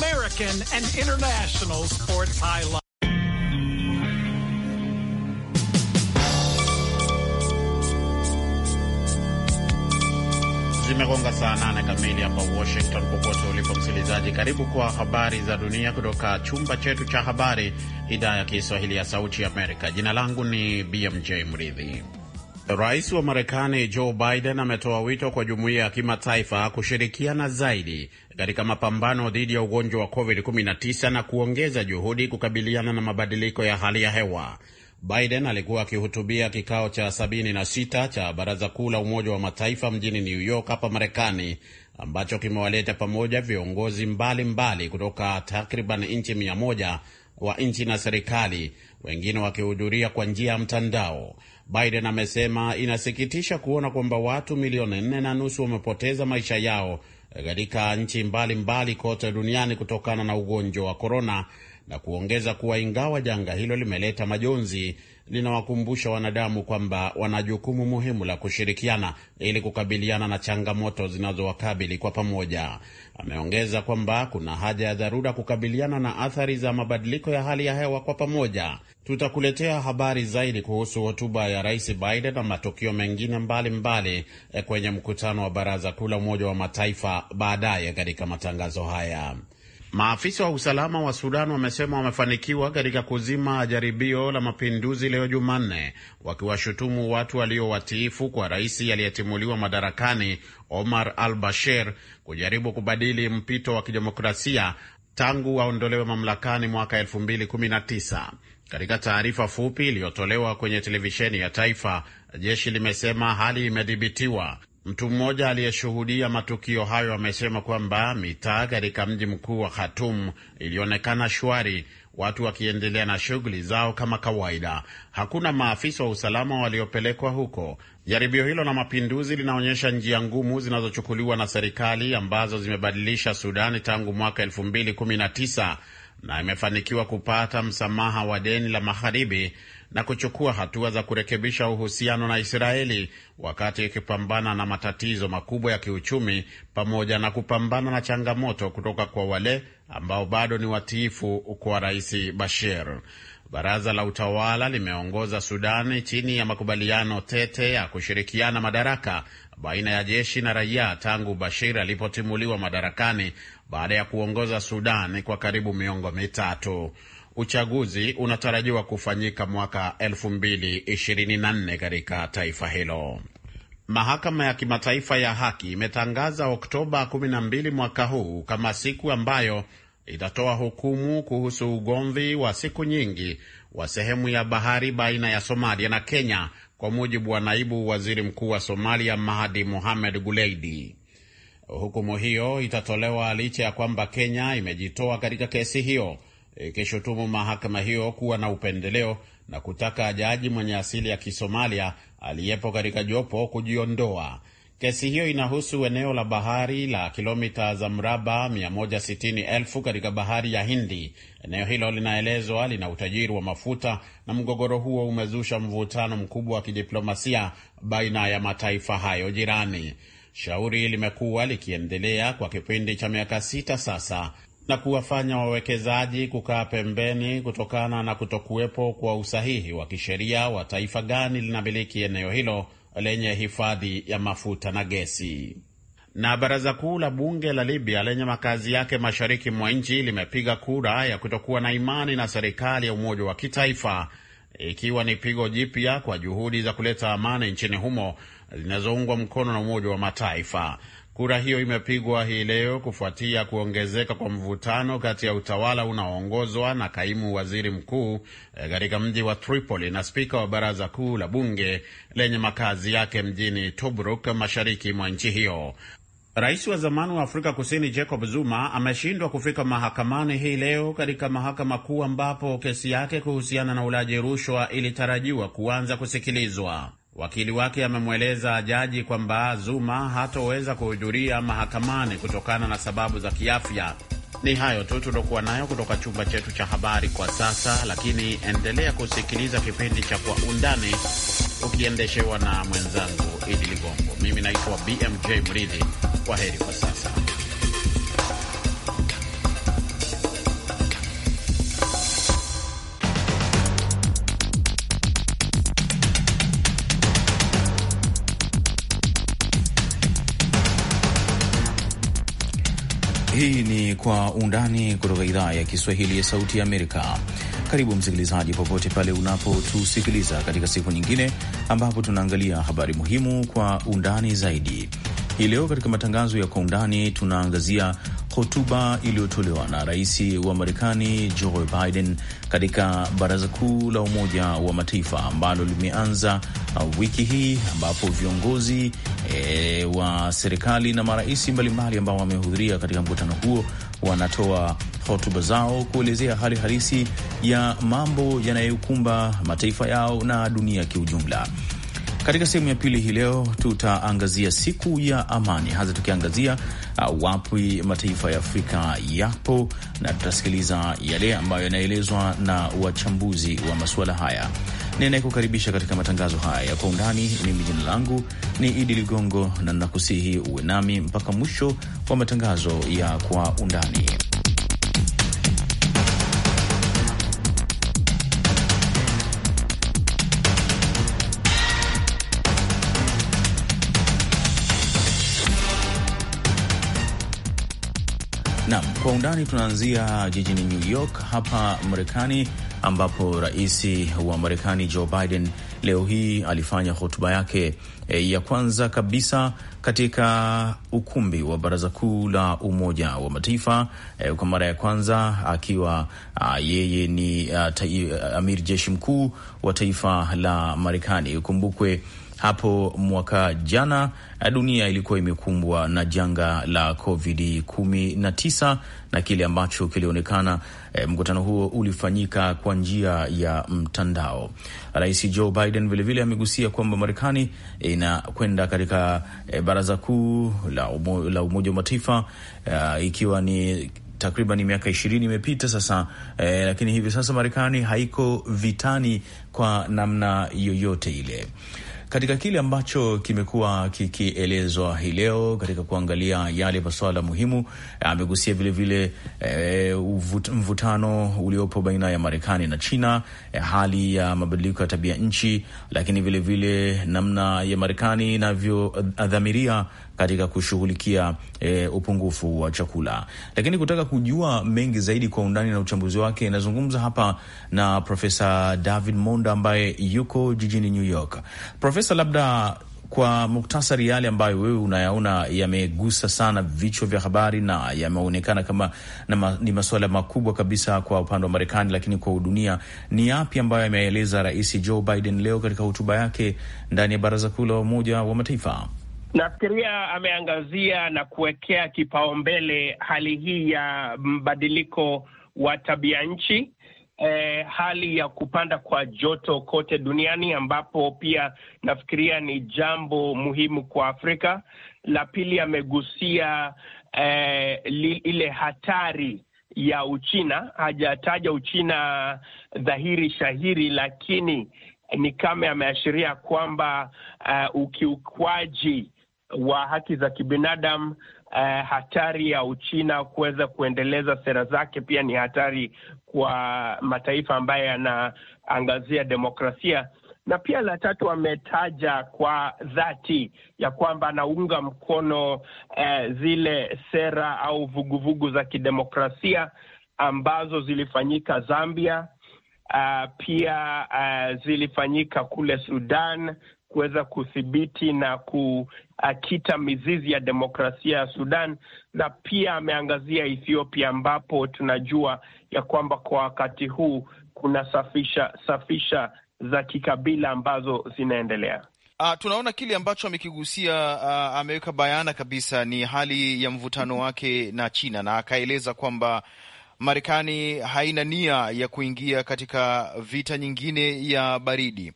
American and international sports highlights. Zimegonga saa nane kamili hapa Washington. Popote ulipo msikilizaji, karibu kwa habari za dunia kutoka chumba chetu cha habari, idhaa ya Kiswahili ya Sauti ya Amerika. Jina langu ni BMJ Mridhi. Rais wa Marekani Joe Biden ametoa wito kwa jumuiya ya kimataifa kushirikiana zaidi katika mapambano dhidi ya ugonjwa wa COVID-19 na kuongeza juhudi kukabiliana na mabadiliko ya hali ya hewa. Biden alikuwa akihutubia kikao cha 76 cha Baraza Kuu la Umoja wa Mataifa mjini New York hapa Marekani, ambacho kimewaleta pamoja viongozi mbalimbali mbali kutoka takriban nchi 100 wa nchi na serikali, wengine wakihudhuria kwa njia ya mtandao. Biden amesema inasikitisha kuona kwamba watu milioni nne na nusu wamepoteza maisha yao katika nchi mbalimbali kote duniani kutokana na ugonjwa wa korona na kuongeza kuwa ingawa janga hilo limeleta majonzi, linawakumbusha wanadamu kwamba wana jukumu muhimu la kushirikiana ili kukabiliana na changamoto zinazowakabili kwa pamoja. Ameongeza kwamba kuna haja ya dharura kukabiliana na athari za mabadiliko ya hali ya hewa kwa pamoja. Tutakuletea habari zaidi kuhusu hotuba ya Rais Biden na matukio mengine mbalimbali mbali eh, kwenye mkutano wa Baraza Kuu la Umoja wa Mataifa baadaye katika matangazo haya. Maafisa wa usalama wa Sudan wamesema wamefanikiwa katika kuzima jaribio la mapinduzi leo Jumanne, wakiwashutumu watu watiifu kwa rais aliyetimuliwa madarakani Omar al Bashir kujaribu kubadili mpito wa kidemokrasia tangu waondolewe mamlakani mwaka 2019. Katika taarifa fupi iliyotolewa kwenye televisheni ya taifa, jeshi limesema hali imedhibitiwa. Mtu mmoja aliyeshuhudia matukio hayo amesema kwamba mitaa katika mji mkuu wa Khartoum ilionekana shwari, watu wakiendelea na shughuli zao kama kawaida. Hakuna maafisa wa usalama waliopelekwa huko. Jaribio hilo la mapinduzi linaonyesha njia ngumu zinazochukuliwa na serikali ambazo zimebadilisha Sudani tangu mwaka 2019 na imefanikiwa kupata msamaha wa deni la magharibi na kuchukua hatua za kurekebisha uhusiano na Israeli wakati ikipambana na matatizo makubwa ya kiuchumi pamoja na kupambana na changamoto kutoka kwa wale ambao bado ni watiifu kwa Rais Bashir. Baraza la utawala limeongoza Sudani chini ya makubaliano tete ya kushirikiana madaraka baina ya jeshi na raia tangu Bashir alipotimuliwa madarakani baada ya kuongoza Sudan kwa karibu miongo mitatu. Uchaguzi unatarajiwa kufanyika mwaka 2024 katika taifa hilo. Mahakama ya Kimataifa ya Haki imetangaza Oktoba 12 mwaka huu kama siku ambayo itatoa hukumu kuhusu ugomvi wa siku nyingi wa sehemu ya bahari baina ya Somalia na Kenya, kwa mujibu wa naibu waziri mkuu wa Somalia Mahdi Mohamed Guleidi. Hukumu hiyo itatolewa licha ya kwamba Kenya imejitoa katika kesi hiyo ikishutumu e, mahakama hiyo kuwa na upendeleo na kutaka jaji mwenye asili ya Kisomalia aliyepo katika jopo kujiondoa. Kesi hiyo inahusu eneo la bahari la kilomita za mraba 160,000 katika bahari ya Hindi. Eneo hilo linaelezwa lina utajiri wa mafuta, na mgogoro huo umezusha mvutano mkubwa wa kidiplomasia baina ya mataifa hayo jirani. Shauri limekuwa likiendelea kwa kipindi cha miaka sita sasa, na kuwafanya wawekezaji kukaa pembeni kutokana na kutokuwepo kwa usahihi wa kisheria wa taifa gani linamiliki eneo hilo lenye hifadhi ya mafuta na gesi. Na baraza kuu la bunge la Libya lenye makazi yake mashariki mwa nchi limepiga kura ya kutokuwa na imani na serikali ya umoja wa kitaifa, ikiwa ni pigo jipya kwa juhudi za kuleta amani nchini humo zinazoungwa mkono na Umoja wa Mataifa. Kura hiyo imepigwa hii leo kufuatia kuongezeka kwa mvutano kati ya utawala unaoongozwa na kaimu waziri mkuu eh, katika mji wa Tripoli na spika wa baraza kuu la bunge lenye makazi yake mjini Tobruk, mashariki mwa nchi hiyo. Rais wa zamani wa Afrika Kusini Jacob Zuma ameshindwa kufika mahakamani hii leo katika mahakama kuu ambapo kesi yake kuhusiana na ulaji rushwa ilitarajiwa kuanza kusikilizwa. Wakili wake amemweleza jaji kwamba Zuma hatoweza kuhudhuria mahakamani kutokana na sababu za kiafya. Ni hayo tu tuliokuwa nayo kutoka chumba chetu cha habari kwa sasa, lakini endelea kusikiliza kipindi cha Kwa Undani ukiendeshewa na mwenzangu Idi Ligongo. Mimi naitwa BMJ Mridhi. Kwa heri kwa sasa. Hii ni Kwa Undani kutoka idhaa ya Kiswahili ya Sauti ya Amerika. Karibu msikilizaji, popote pale unapotusikiliza katika siku nyingine ambapo tunaangalia habari muhimu kwa undani zaidi. Hii leo katika matangazo ya Kwa Undani tunaangazia hotuba iliyotolewa na rais wa Marekani Joe Biden katika Baraza Kuu la Umoja wa Mataifa ambalo limeanza wiki hii ambapo viongozi e, wa serikali na maraisi mbalimbali ambao wamehudhuria katika mkutano huo wanatoa hotuba zao kuelezea hali halisi ya mambo yanayokumba mataifa yao na dunia kiujumla. Katika sehemu ya pili hii leo tutaangazia siku ya amani, hasa tukiangazia uh, wapi mataifa ya Afrika yapo na tutasikiliza yale ambayo yanaelezwa na wachambuzi wa masuala haya ninayekukaribisha katika matangazo haya ya kwa undani. Mimi jina langu ni Idi Ligongo na ninakusihi uwe nami mpaka mwisho wa matangazo ya kwa undani. kwa undani tunaanzia jijini New York hapa Marekani ambapo rais wa Marekani Joe Biden leo hii alifanya hotuba yake e, ya kwanza kabisa katika ukumbi wa Baraza Kuu la Umoja wa Mataifa e, kwa mara ya kwanza akiwa a, ah, yeye ni amir ah, ah, amiri jeshi mkuu wa taifa la Marekani. Ukumbukwe hapo mwaka jana eh, dunia ilikuwa imekumbwa na janga la COVID 19 na kile ambacho kilionekana e, mkutano huo ulifanyika kwa njia ya mtandao. Rais Joe Biden vilevile amegusia kwamba Marekani inakwenda e, katika e, baraza kuu la, umo, la Umoja wa Mataifa e, ikiwa ni takriban miaka ishirini imepita sasa e, lakini hivi sasa Marekani haiko vitani kwa namna yoyote ile katika kile ambacho kimekuwa kikielezwa hii leo katika kuangalia yale masuala muhimu. Amegusia vilevile e, eh, mvutano uliopo baina ya Marekani na China, e, hali ya mabadiliko ya tabia nchi, lakini vilevile vile namna ya Marekani inavyodhamiria katika kushughulikia e, upungufu wa chakula. Lakini kutaka kujua mengi zaidi kwa undani na uchambuzi wake, nazungumza hapa na Profesa David Monda ambaye yuko jijini New York. Profesa, labda kwa muktasari yale ambayo wewe unayaona yamegusa sana vichwa vya habari na yameonekana kama na ma, ni masuala makubwa kabisa kwa upande wa Marekani, lakini kwa dunia, ni yapi ambayo ameeleza Rais Joe Biden leo katika hotuba yake ndani ya Baraza Kuu la Umoja wa Mataifa? Nafikiria ameangazia na kuwekea kipaumbele hali hii ya mbadiliko wa tabia nchi, eh, hali ya kupanda kwa joto kote duniani, ambapo pia nafikiria ni jambo muhimu kwa Afrika. La pili amegusia eh, ile hatari ya Uchina. Hajataja Uchina dhahiri shahiri, lakini ni kama ameashiria kwamba uh, ukiukwaji wa haki za kibinadamu eh, hatari ya Uchina kuweza kuendeleza sera zake pia ni hatari kwa mataifa ambayo yanaangazia demokrasia na pia la tatu, ametaja kwa dhati ya kwamba anaunga mkono eh, zile sera au vuguvugu vugu za kidemokrasia ambazo zilifanyika Zambia, uh, pia uh, zilifanyika kule Sudan kuweza kudhibiti na kuakita mizizi ya demokrasia ya Sudan, na pia ameangazia Ethiopia ambapo tunajua ya kwamba kwa wakati huu kuna safisha safisha za kikabila ambazo zinaendelea. Uh, tunaona kile ambacho amekigusia uh, ameweka bayana kabisa ni hali ya mvutano wake na China na akaeleza kwamba Marekani haina nia ya kuingia katika vita nyingine ya baridi.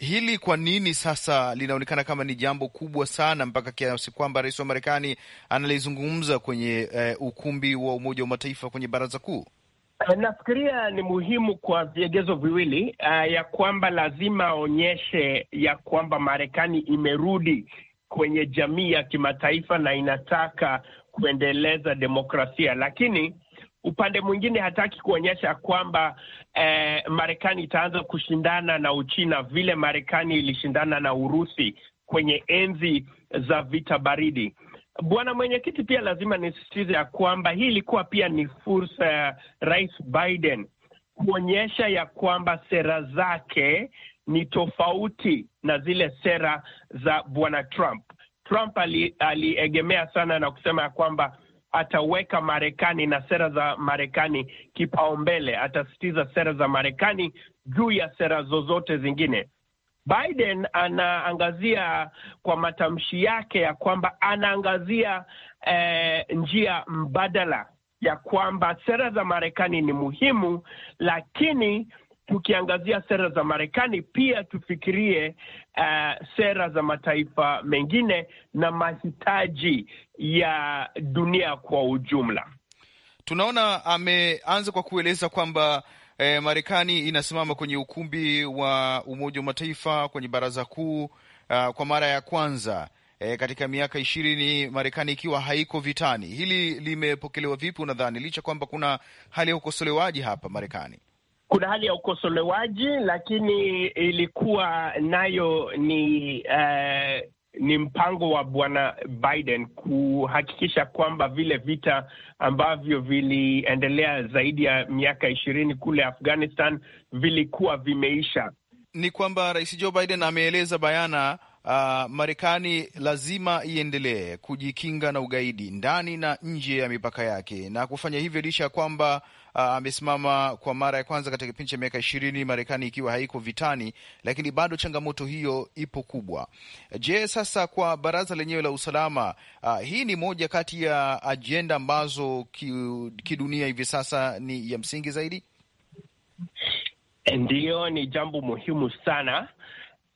Hili kwa nini sasa linaonekana kama ni jambo kubwa sana mpaka kiasi kwamba rais wa Marekani analizungumza kwenye eh, ukumbi wa Umoja wa Mataifa kwenye Baraza Kuu? Eh, nafikiria ni muhimu kwa viegezo viwili, uh, ya kwamba lazima aonyeshe ya kwamba Marekani imerudi kwenye jamii ya kimataifa na inataka kuendeleza demokrasia, lakini upande mwingine hataki kuonyesha kwamba eh, Marekani itaanza kushindana na Uchina vile Marekani ilishindana na Urusi kwenye enzi za vita baridi. Bwana mwenyekiti, pia lazima nisisitize ya kwamba hii ilikuwa pia ni fursa ya Rais Biden kuonyesha ya kwamba sera zake ni tofauti na zile sera za Bwana Trump. Trump aliegemea ali sana na kusema ya kwamba ataweka Marekani na sera za Marekani kipaumbele, atasitiza sera za Marekani juu ya sera zozote zingine. Biden anaangazia kwa matamshi yake ya kwamba anaangazia eh, njia mbadala ya kwamba sera za Marekani ni muhimu, lakini tukiangazia sera za Marekani, pia tufikirie uh, sera za mataifa mengine na mahitaji ya dunia kwa ujumla. Tunaona ameanza kwa kueleza kwamba eh, Marekani inasimama kwenye ukumbi wa Umoja wa Mataifa kwenye Baraza Kuu uh, kwa mara ya kwanza E, katika miaka ishirini Marekani ikiwa haiko vitani. Hili limepokelewa vipi unadhani, licha kwamba kuna hali ya ukosolewaji hapa Marekani? kuna hali ya ukosolewaji, lakini ilikuwa nayo ni uh, ni mpango wa bwana Biden kuhakikisha kwamba vile vita ambavyo viliendelea zaidi ya miaka ishirini kule Afghanistan vilikuwa vimeisha. Ni kwamba Rais Joe Biden ameeleza bayana Uh, Marekani lazima iendelee kujikinga na ugaidi ndani na nje ya mipaka yake na kufanya hivyo licha ya kwamba Ah, amesimama uh, kwa mara ya kwanza katika kipindi cha miaka ishirini, Marekani ikiwa haiko vitani, lakini bado changamoto hiyo ipo kubwa. Je, sasa kwa baraza lenyewe la usalama uh, hii ni moja kati ya ajenda ambazo kidunia hivi sasa ni ya msingi zaidi. Ndiyo, ni jambo muhimu sana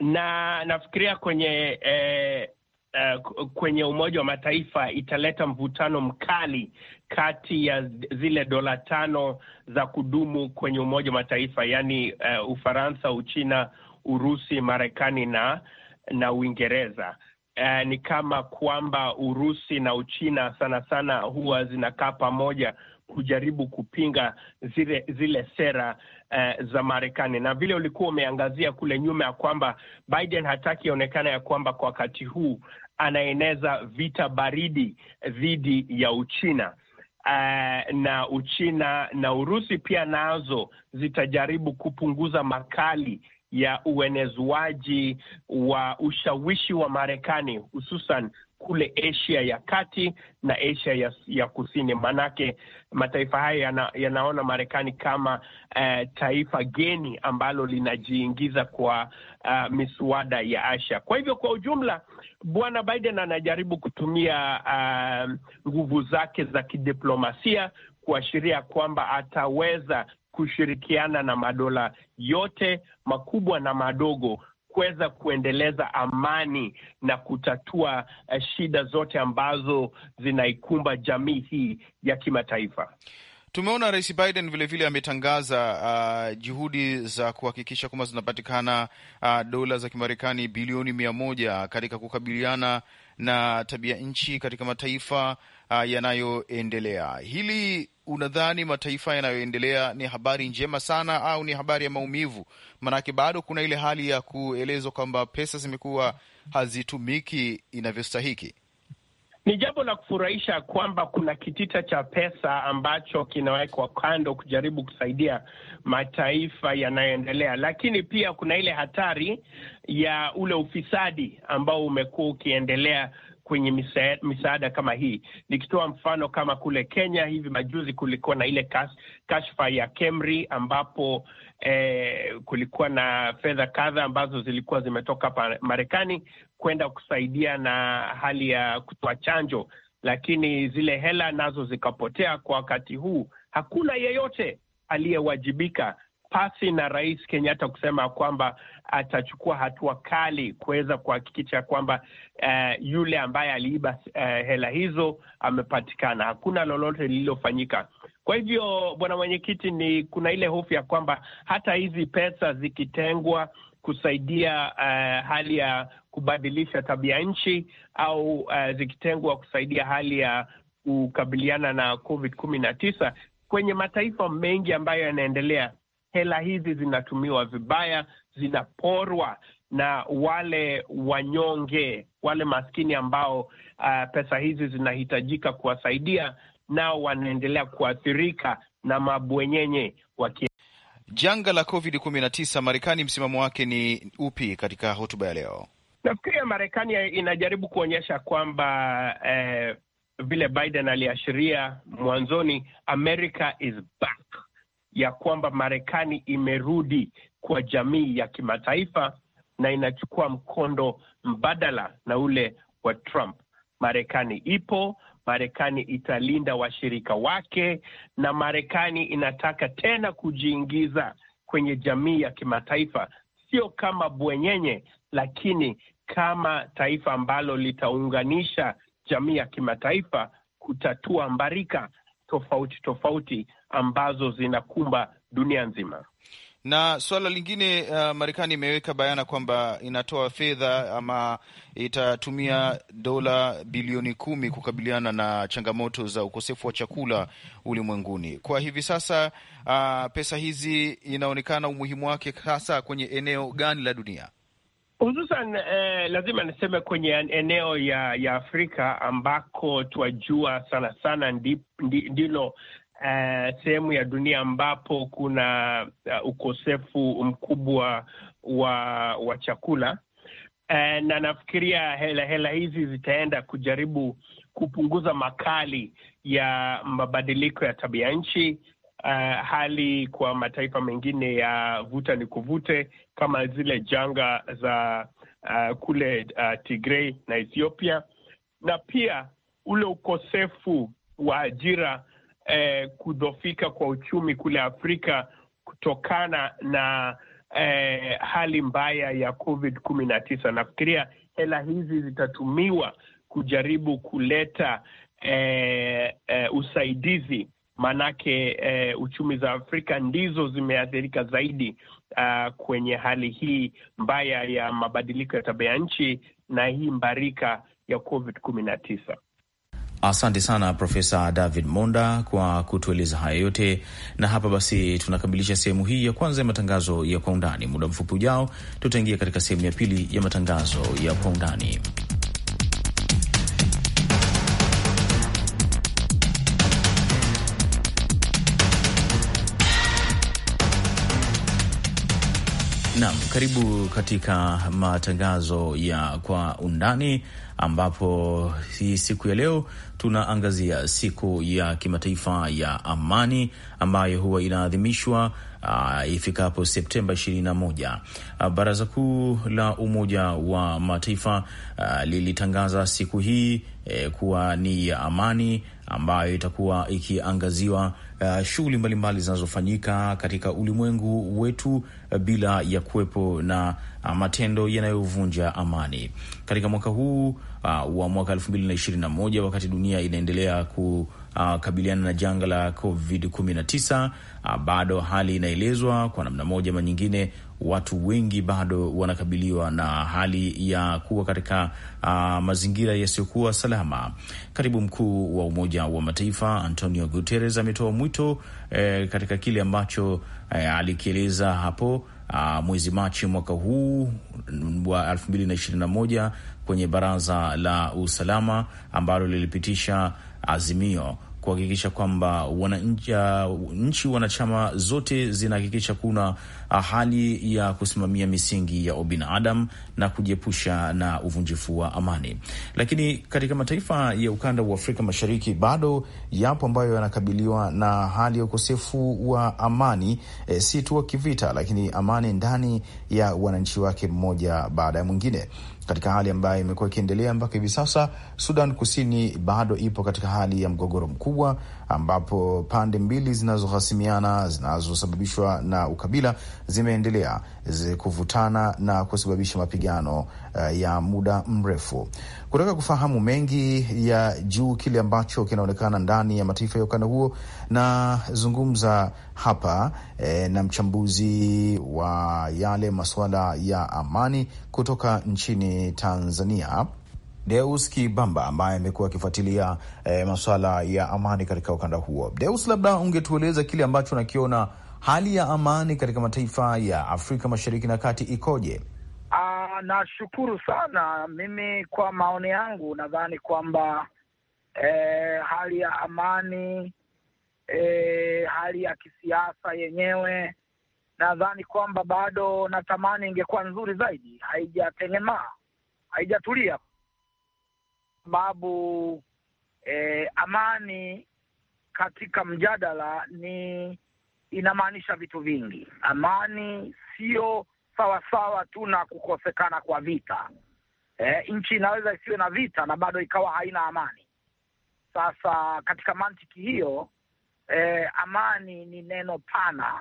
na nafikiria kwenye eh, uh, kwenye Umoja wa Mataifa italeta mvutano mkali kati ya zile dola tano za kudumu kwenye Umoja wa Mataifa, yaani uh, Ufaransa, Uchina, Urusi, Marekani na na Uingereza. Uh, ni kama kwamba Urusi na Uchina sana sana huwa zinakaa pamoja kujaribu kupinga zile zile sera uh, za Marekani, na vile ulikuwa umeangazia kule nyuma ya kwamba Biden hataki onekana ya kwamba kwa wakati huu anaeneza vita baridi dhidi ya Uchina. Uh, na Uchina na Urusi pia nazo zitajaribu kupunguza makali ya uenezwaji wa ushawishi wa Marekani hususan kule Asia ya kati na Asia ya, ya kusini. Maanake mataifa haya yana, yanaona Marekani kama uh, taifa geni ambalo linajiingiza kwa uh, miswada ya Asia. Kwa hivyo kwa ujumla, Bwana Biden anajaribu kutumia eh, nguvu zake za kidiplomasia kuashiria kwamba ataweza kushirikiana na madola yote makubwa na madogo kuweza kuendeleza amani na kutatua eh, shida zote ambazo zinaikumba jamii hii ya kimataifa. Tumeona Rais Biden vilevile ametangaza uh, juhudi za kuhakikisha kwamba zinapatikana uh, dola za Kimarekani bilioni mia moja katika kukabiliana na tabia nchi katika mataifa uh, yanayoendelea. Hili unadhani mataifa yanayoendelea ni habari njema sana au ni habari ya maumivu? Maanake bado kuna ile hali ya kuelezwa kwamba pesa zimekuwa hazitumiki inavyostahiki. Ni jambo la kufurahisha kwamba kuna kitita cha pesa ambacho kinawekwa kando kujaribu kusaidia mataifa yanayoendelea, lakini pia kuna ile hatari ya ule ufisadi ambao umekuwa ukiendelea kwenye misaada, misaada kama hii. Nikitoa mfano kama kule Kenya, hivi majuzi kulikuwa na ile kashfa ya Kemri ambapo eh, kulikuwa na fedha kadha ambazo zilikuwa zimetoka Marekani kwenda kusaidia na hali ya kutoa chanjo, lakini zile hela nazo zikapotea. Kwa wakati huu hakuna yeyote aliyewajibika pasi na Rais Kenyatta kusema kwamba atachukua hatua kali kuweza kuhakikisha kwamba uh, yule ambaye aliiba uh, hela hizo amepatikana. Hakuna lolote lililofanyika. Kwa hivyo, bwana mwenyekiti, ni kuna ile hofu ya kwamba hata hizi pesa zikitengwa kusaidia uh, hali ya kubadilisha tabia nchi au uh, zikitengwa kusaidia hali ya kukabiliana na COVID kumi na tisa kwenye mataifa mengi ambayo yanaendelea hela hizi zinatumiwa vibaya, zinaporwa na wale wanyonge, wale maskini ambao uh, pesa hizi zinahitajika kuwasaidia, nao wanaendelea kuathirika na mabwenyenye waki janga la COVID-19. Marekani, msimamo wake ni upi katika hotuba ya leo? Nafikiria Marekani inajaribu kuonyesha kwamba eh, vile Biden aliashiria mwanzoni, America is back ya kwamba Marekani imerudi kwa jamii ya kimataifa na inachukua mkondo mbadala na ule wa Trump. Marekani ipo, Marekani italinda washirika wake, na Marekani inataka tena kujiingiza kwenye jamii ya kimataifa, sio kama bwenyenye, lakini kama taifa ambalo litaunganisha jamii ya kimataifa kutatua mbarika tofauti tofauti ambazo zinakumba dunia nzima. Na suala lingine uh, Marekani imeweka bayana kwamba inatoa fedha ama itatumia dola bilioni kumi kukabiliana na changamoto za ukosefu wa chakula ulimwenguni. Kwa hivi sasa uh, pesa hizi inaonekana umuhimu wake hasa kwenye eneo gani la dunia? hususan eh, lazima niseme kwenye eneo ya, ya Afrika ambako twajua sana sana ndi, ndi, ndilo eh, sehemu ya dunia ambapo kuna uh, ukosefu mkubwa wa, wa chakula eh, na nafikiria hela hela hizi zitaenda kujaribu kupunguza makali ya mabadiliko ya tabia nchi uh, hali kwa mataifa mengine ya vuta ni kuvute kama zile janga za uh, kule uh, Tigray na Ethiopia, na pia ule ukosefu wa ajira eh, kudhofika kwa uchumi kule Afrika kutokana na eh, hali mbaya ya COVID kumi na tisa. Nafikiria hela hizi zitatumiwa kujaribu kuleta eh, eh, usaidizi maanake eh, uchumi za Afrika ndizo zimeathirika zaidi uh, kwenye hali hii mbaya ya mabadiliko ya tabia ya nchi na hii mbarika ya COVID kumi na tisa. Asante sana Profesa David Monda kwa kutueleza haya yote, na hapa basi tunakamilisha sehemu hii ya kwanza ya matangazo ya kwa undani. Muda mfupi ujao, tutaingia katika sehemu ya pili ya matangazo ya kwa undani. Naam, karibu katika matangazo ya kwa undani ambapo hii siku ya leo tunaangazia siku ya kimataifa ya amani ambayo huwa inaadhimishwa uh, ifikapo Septemba 21. Uh, ah, Baraza Kuu la Umoja wa Mataifa uh, lilitangaza siku hii eh, kuwa ni ya amani ambayo itakuwa ikiangaziwa uh, shughuli mbalimbali zinazofanyika katika ulimwengu wetu uh, bila ya kuwepo na uh, matendo yanayovunja amani katika mwaka huu uh, wa mwaka moja wakati dunia inaendelea ku Uh, kabiliana na janga la COVID-19 uh, bado hali inaelezwa kwa namna moja ama nyingine watu wengi bado wanakabiliwa na hali ya kuwa katika uh, mazingira yasiyokuwa salama. Katibu mkuu wa Umoja wa Mataifa Antonio Guterres ametoa mwito eh, katika kile ambacho eh, alikieleza hapo Uh, mwezi Machi mwaka huu wa elfu kwenye Baraza la Usalama ambalo lilipitisha azimio kuhakikisha kwamba ah, nchi wanachama zote zinahakikisha kuna ah, hali ya kusimamia misingi ya ubinadamu na kujiepusha na uvunjifu wa amani. Lakini katika mataifa ya ukanda wa Afrika Mashariki bado yapo ambayo yanakabiliwa na hali ya ukosefu wa amani, e, si tu wa kivita, lakini amani ndani ya wananchi wake mmoja baada ya mwingine katika hali ambayo imekuwa ikiendelea mpaka hivi sasa. Sudan Kusini bado ipo katika hali ya mgogoro mkubwa ambapo pande mbili zinazohasimiana zinazosababishwa na ukabila zimeendelea kuvutana na kusababisha mapigano uh, ya muda mrefu. Kutaka kufahamu mengi ya juu kile ambacho kinaonekana ndani ya mataifa ya ukanda huo, na zungumza hapa eh, na mchambuzi wa yale masuala ya amani kutoka nchini Tanzania Deus Kibamba ambaye amekuwa akifuatilia eh, masuala ya amani katika ukanda huo. Deus, labda ungetueleza kile ambacho unakiona hali ya amani katika mataifa ya Afrika Mashariki na Kati ikoje? Ah, nashukuru sana. Mimi kwa maoni yangu nadhani kwamba e, hali ya amani e, hali ya kisiasa yenyewe nadhani kwamba bado, natamani ingekuwa nzuri zaidi, haijatengemaa, haijatulia sababu eh, amani katika mjadala ni inamaanisha vitu vingi. Amani sio sawasawa tu na kukosekana kwa vita. Eh, nchi inaweza isiwe na vita na bado ikawa haina amani. Sasa katika mantiki hiyo eh, amani ni neno pana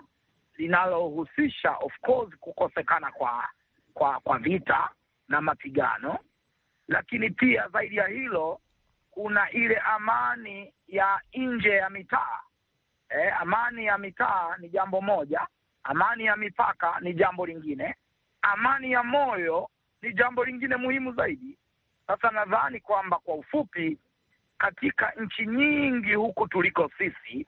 linalohusisha of course kukosekana kwa kwa kwa vita na mapigano lakini pia zaidi ya hilo kuna ile amani ya nje ya mitaa. Eh, amani ya mitaa ni jambo moja, amani ya mipaka ni jambo lingine, amani ya moyo ni jambo lingine muhimu zaidi. Sasa nadhani kwamba kwa ufupi, katika nchi nyingi huku tuliko sisi,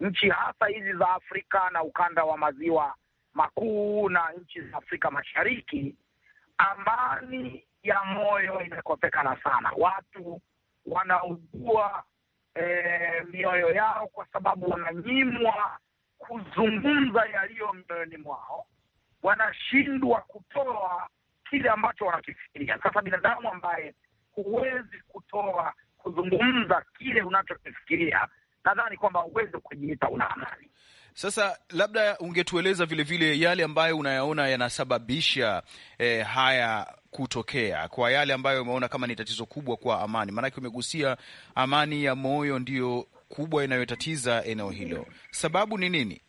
nchi hasa hizi za Afrika na ukanda wa maziwa makuu na nchi za Afrika Mashariki, amani ya moyo imekosekana sana, watu wanaugua e, mioyo yao kwa sababu wananyimwa kuzungumza yaliyo mioyoni mwao, wanashindwa kutoa kile ambacho wanakifikiria. Sasa binadamu ambaye huwezi kutoa kuzungumza kile unachokifikiria, nadhani kwamba huwezi kujiita una amani. Sasa labda ungetueleza vilevile yale ambayo unayaona yanasababisha eh, haya kutokea kwa yale ambayo umeona kama ni tatizo kubwa kwa amani, maanake umegusia amani ya moyo ndiyo kubwa inayotatiza eneo hilo. Sababu ni nini?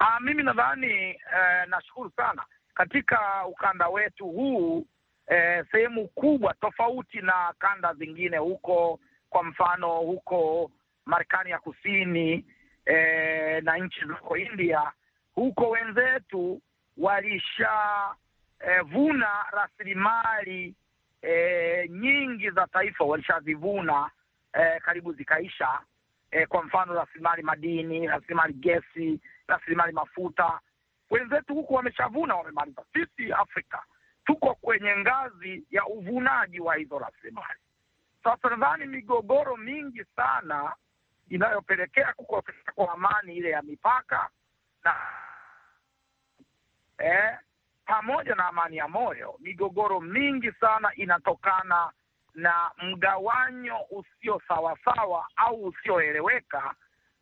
Aa, ah, mimi nadhani eh, nashukuru sana katika ukanda wetu huu eh, sehemu kubwa tofauti na kanda zingine huko, kwa mfano huko Marekani ya Kusini e, na nchi zako India, huko wenzetu walishavuna e, rasilimali e, nyingi za taifa walishazivuna, e, karibu zikaisha. E, kwa mfano rasilimali madini, rasilimali gesi, rasilimali mafuta. Wenzetu huko wameshavuna, wamemaliza. Sisi Afrika tuko kwenye ngazi ya uvunaji wa hizo rasilimali. Sasa nadhani migogoro mingi sana inayopelekea kukoseka kwa amani ile ya mipaka na eh, pamoja na amani ya moyo. Migogoro mingi sana inatokana na mgawanyo usio sawasawa au usioeleweka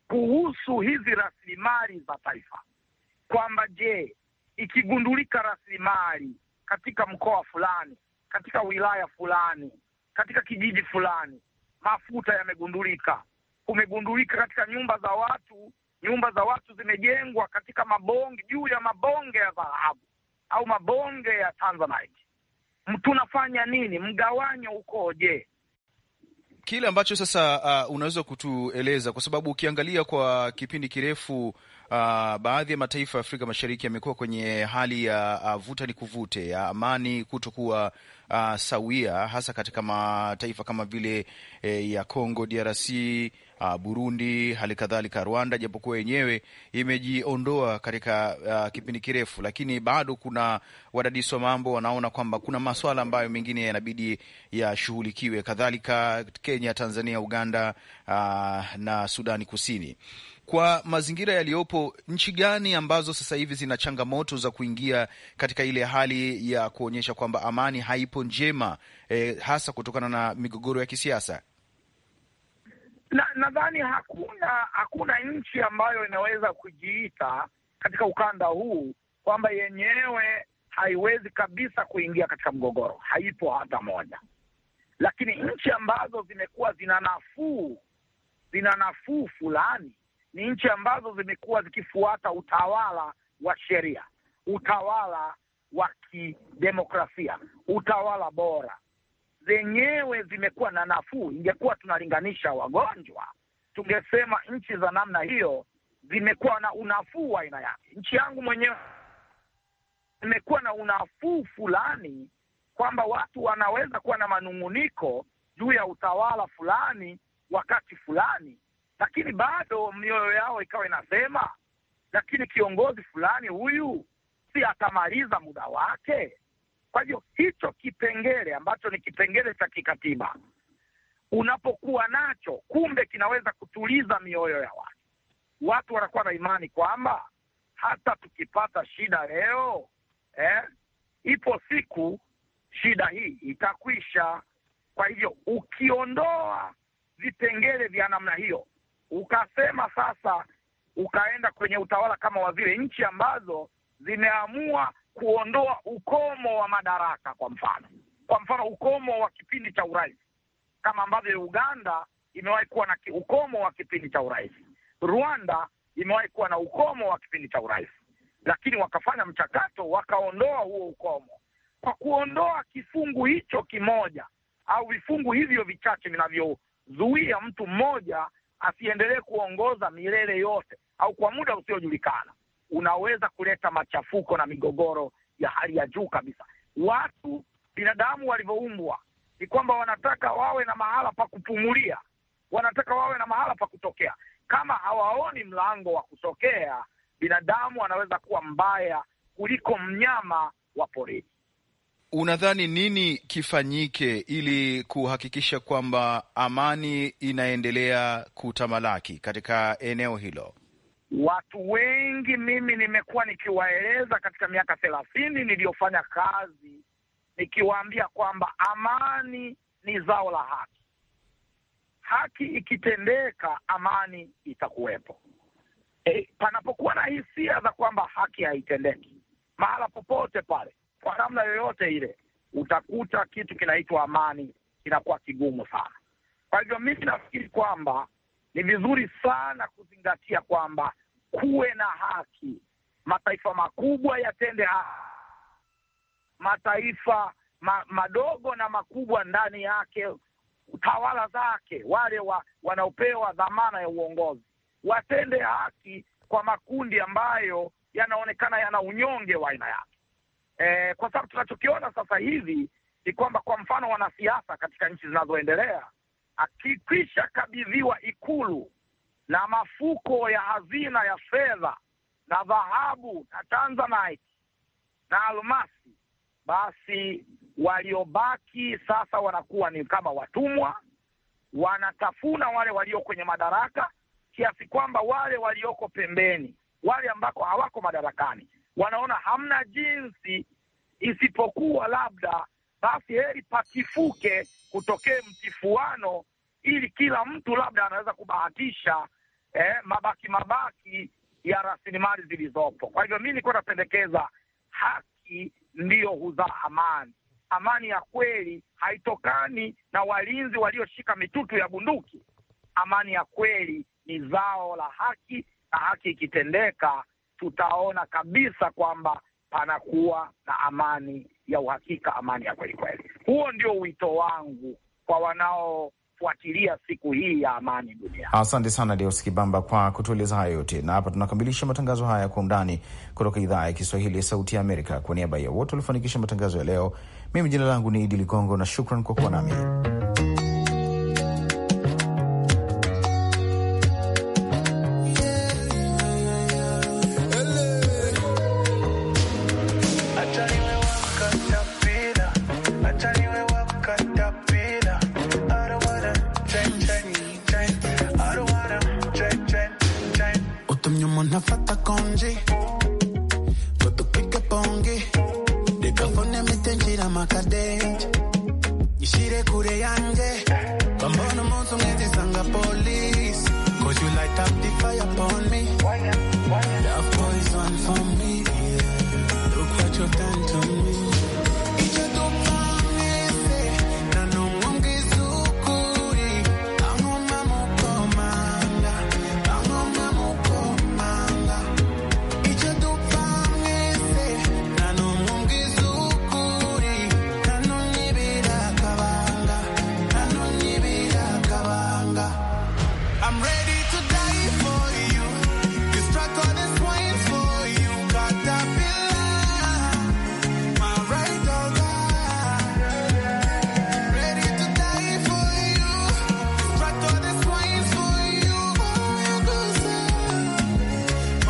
kuhusu hizi rasilimali za taifa, kwamba je, ikigundulika rasilimali katika mkoa fulani, katika wilaya fulani, katika kijiji fulani, mafuta yamegundulika, kumegundulika katika nyumba za watu, nyumba za watu zimejengwa katika mabonge, juu ya mabonge ya dhahabu au mabonge ya Tanzanite. Tunafanya nini? Mgawanyo ukoje? Kile ambacho sasa uh, unaweza kutueleza, kwa sababu ukiangalia kwa kipindi kirefu uh, baadhi ya mataifa ya Afrika Mashariki yamekuwa kwenye hali ya uh, vuta ni kuvute ya amani kutokuwa uh, sawia, hasa katika mataifa kama vile eh, ya Congo DRC uh, Burundi, hali kadhalika Rwanda, japokuwa yenyewe imejiondoa katika uh, kipindi kirefu, lakini bado kuna wadadisi wa mambo wanaona kwamba kuna maswala ambayo mengine yanabidi yashughulikiwe, kadhalika Kenya, Tanzania, Uganda uh, na Sudani Kusini. Kwa mazingira yaliyopo, nchi gani ambazo sasa hivi zina changamoto za kuingia katika ile hali ya kuonyesha kwamba amani haipo njema, eh, hasa kutokana na migogoro ya kisiasa? Nadhani na hakuna hakuna nchi ambayo inaweza kujiita katika ukanda huu kwamba yenyewe haiwezi kabisa kuingia katika mgogoro, haipo hata moja. Lakini nchi ambazo zimekuwa zina nafuu zina nafuu fulani ni nchi ambazo zimekuwa zikifuata utawala wa sheria, utawala wa kidemokrasia, utawala bora, zenyewe zimekuwa na nafuu. Ingekuwa tunalinganisha wagonjwa, tungesema nchi za namna hiyo zimekuwa na unafuu wa aina yake. Nchi yangu mwenyewe imekuwa na unafuu fulani, kwamba watu wanaweza kuwa na manung'uniko juu ya utawala fulani wakati fulani, lakini bado mioyo yao ikawa inasema, lakini kiongozi fulani huyu si atamaliza muda wake. Kwa hivyo hicho kipengele ambacho ni kipengele cha kikatiba unapokuwa nacho, kumbe kinaweza kutuliza mioyo ya watu. Watu wanakuwa na imani kwamba hata tukipata shida leo eh, ipo siku shida hii itakwisha. Kwa hivyo ukiondoa vipengele vya namna hiyo, ukasema sasa, ukaenda kwenye utawala kama wa zile nchi ambazo zimeamua kuondoa ukomo wa madaraka, kwa mfano, kwa mfano ukomo wa kipindi cha urais, kama ambavyo Uganda imewahi kuwa na ukomo wa kipindi cha urais, Rwanda imewahi kuwa na ukomo wa kipindi cha urais, lakini wakafanya mchakato wakaondoa huo ukomo. Kwa kuondoa kifungu hicho kimoja au vifungu hivyo vichache vinavyozuia mtu mmoja asiendelee kuongoza milele yote au kwa muda usiojulikana, unaweza kuleta machafuko na migogoro ya hali ya juu kabisa. Watu binadamu walivyoumbwa ni kwamba wanataka wawe na mahala pa kupumulia, wanataka wawe na mahala pa kutokea. Kama hawaoni mlango wa kutokea, binadamu anaweza kuwa mbaya kuliko mnyama wa porini. Unadhani nini kifanyike ili kuhakikisha kwamba amani inaendelea kutamalaki katika eneo hilo? Watu wengi mimi nimekuwa nikiwaeleza katika miaka thelathini niliyofanya kazi, nikiwaambia kwamba amani ni zao la haki. Haki ikitendeka, amani itakuwepo. E, panapokuwa na hisia za kwamba haki haitendeki mahala popote pale, kwa namna yoyote ile, utakuta kitu kinaitwa amani kinakuwa kigumu sana. Kwa hivyo mimi nafikiri kwamba ni vizuri sana kuzingatia kwamba kuwe na haki, mataifa makubwa yatende haki, mataifa ma, madogo na makubwa ndani yake tawala zake, wale wa, wanaopewa dhamana ya uongozi watende haki kwa makundi ambayo yanaonekana yana unyonge wa aina yake. E, kwa sababu tunachokiona sasa hivi ni kwamba kwa mfano wanasiasa katika nchi zinazoendelea akikwisha kabidhiwa Ikulu na mafuko ya hazina ya fedha na dhahabu na tanzanite na almasi, basi waliobaki sasa wanakuwa ni kama watumwa, wanatafuna wale walio kwenye madaraka, kiasi kwamba wale walioko pembeni, wale ambako hawako madarakani, wanaona hamna jinsi isipokuwa labda basi heri pakifuke, kutokee mtifuano ili kila mtu labda anaweza kubahatisha eh, mabaki mabaki ya rasilimali zilizopo. Kwa hivyo mi nilikuwa napendekeza haki ndiyo huzaa amani. Amani ya kweli haitokani na walinzi walioshika mitutu ya bunduki. Amani ya kweli ni zao la haki, na haki ikitendeka, tutaona kabisa kwamba panakuwa na amani ya uhakika, amani ya kweli kweli. Huo ndio wito wangu kwa wanao kufuatilia siku hii ya amani duniani. Asante sana Deus Kibamba kwa kutueleza hayo yote, na hapa tunakamilisha matangazo haya kwa undani kutoka idhaa ya Kiswahili ya Sauti ya Amerika. Kwa niaba ya wote waliofanikisha matangazo ya leo, mimi jina langu ni Idi Ligongo na shukran kwa kuwa nami. utongone nshira amakadenti ishire kure yanjye bambona umunsi umwe zisanga polisi cause you light up the fire upon me that poison for me yeah. look what you've done to me